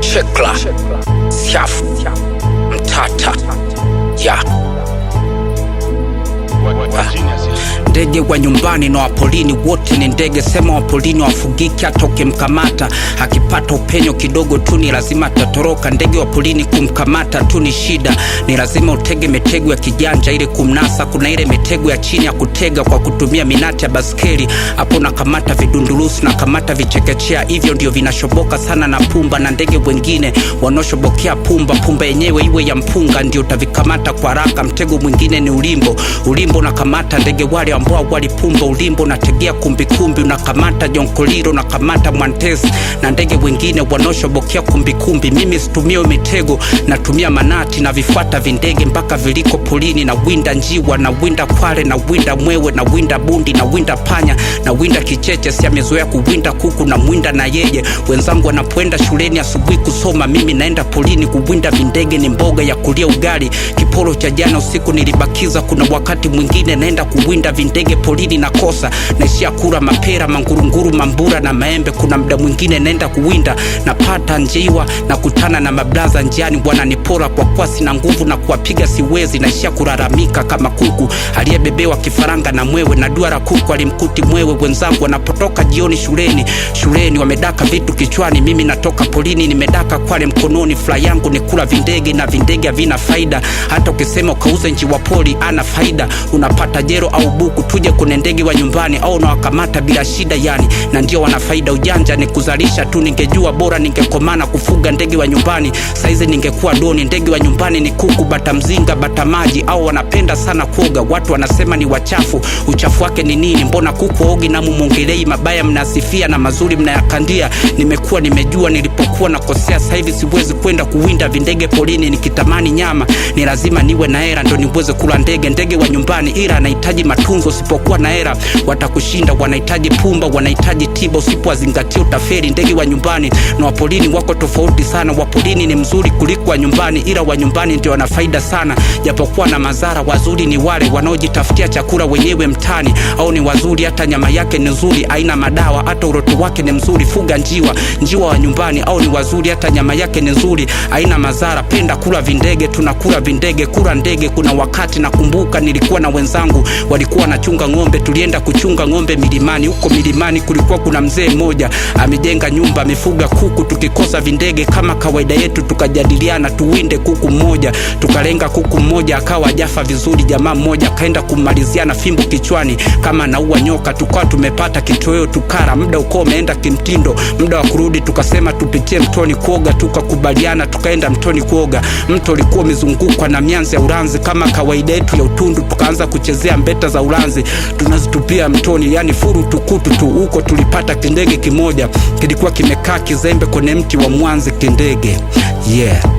Chekla, Safu, Mtata ndege wa nyumbani na wapolini wote ni ndege. Sema wapolini wafugiki, atoke mkamata, akipata upenyo kidogo tu ni lazima tatoroka. Ndege wa polini kumkamata tu ni shida, ni lazima utege metego ya kijanja ili kumnasa. Kuna ile metego ya chini ya kutega kwa kutumia minati ya baskeli, hapo nakamata vidundurusu, nakamata vichekechea, hivyo ndio vinashoboka sana na pumba na ndege wengine wanaoshobokea pumba. Pumba yenyewe iwe ya mpunga, ndio utavikamata kwa haraka. Mtego mwingine ni ulimbo, ulimbo nakamata ndege wale wa Mboa walipumba ulimbo, nategea kumbikumbi, unakamata jonkoliro, unakamata mwantezi na ndege wengine wanaoshobokea kumbikumbi. Mimi situmio mitego, natumia manati na vifata vindege mpaka viliko polini, na winda njiwa na winda kwale na winda mwewe na winda bundi na winda panya na winda kicheche, si amezoea kuwinda kuku na mwinda na yeye. Wenzangu wanapoenda shuleni asubuhi kusoma, mimi naenda polini kuwinda vindege, ni mboga ya kulia ugali. Kiporo cha jana usiku nilibakiza, kuna wakati mwingine naenda kuwinda vindege ndege polini na kosa naishia kula mapera mangurunguru mambura na maembe. Kuna mda mwingine naenda kuwinda napata njeiwa na kutana na mablaza njiani wananipora kwa kuwa sina nguvu na kuwapiga siwezi, naishia kulalamika kama kuku aliyebebewa kifaranga na mwewe na dua la kuku alimkuti mwewe. Wenzangu wanapotoka jioni shuleni shuleni wamedaka vitu kichwani, mimi natoka polini nimedaka kwale mkononi. Furaha yangu ni kula vindege na vindege havina faida, hata ukisema ukauze nji wa poli ana faida, unapata jero au buku tuje kune ndege wa nyumbani au unawakamata bila shida yani, na ndio wana faida. Ujanja ni kuzalisha tu, ningejua bora ningekomana kufuga ndege wa nyumbani, saizi ningekuwa doni. Ndege wa nyumbani ni kuku, bata mzinga, bata maji, au wanapenda sana kuoga. Watu wanasema ni wachafu, uchafu wake ni nini? Mbona kuku ogi na mumongelei mabaya, mnasifia na mazuri mnayakandia. Nimekuwa nimejua nilipokuwa nakosea, sasa hivi siwezi kwenda kuwinda vindege polini nikitamani nyama, ni lazima niwe na hela ndo niweze kula ndege. Ndege wa nyumbani ila anahitaji matunzo pesa. Usipokuwa na hera watakushinda, wanahitaji pumba, wanahitaji tiba. Usipowazingatia utaferi. Ndege wa nyumbani na wapolini wako tofauti sana. Wapolini ni mzuri kuliko wa nyumbani, ila wa nyumbani ndio wana faida sana, japokuwa na madhara. Wazuri ni wale wanaojitafutia chakula wenyewe mtani, au ni wazuri, hata nyama yake ni nzuri, aina madawa, hata uroto wake ni mzuri. Fuga njiwa, njiwa wa nyumbani, au ni wazuri, hata nyama yake ni nzuri, aina madhara. Penda kula vindege, tunakula vindege, kula ndege. Kuna wakati nakumbuka nilikuwa na wenzangu walikuwa na anachunga ng'ombe. Tulienda kuchunga ng'ombe milimani, huko milimani kulikuwa kuna mzee mmoja amejenga nyumba, amefuga kuku. Tukikosa vindege kama kawaida yetu, tukajadiliana tuwinde kuku mmoja, tukalenga kuku mmoja akawa jafa vizuri. Jamaa mmoja kaenda kummalizia na fimbo kichwani kama naua nyoka, tukawa tumepata kitoweo tukara. Muda uko umeenda kimtindo, muda wa kurudi tukasema tupitie mtoni kuoga, tukakubaliana tukaenda mtoni kuoga. Mto ulikuwa umezungukwa na mianzi ya uranzi kama kawaida yetu ya utundu, tukaanza kuchezea mbeta za uranzi. Mwanzi tunazitupia mtoni, yani furu tukutu tu. Huko tulipata kindege kimoja kilikuwa kimekaa kizembe kwenye mti wa Mwanzi kindege yeah.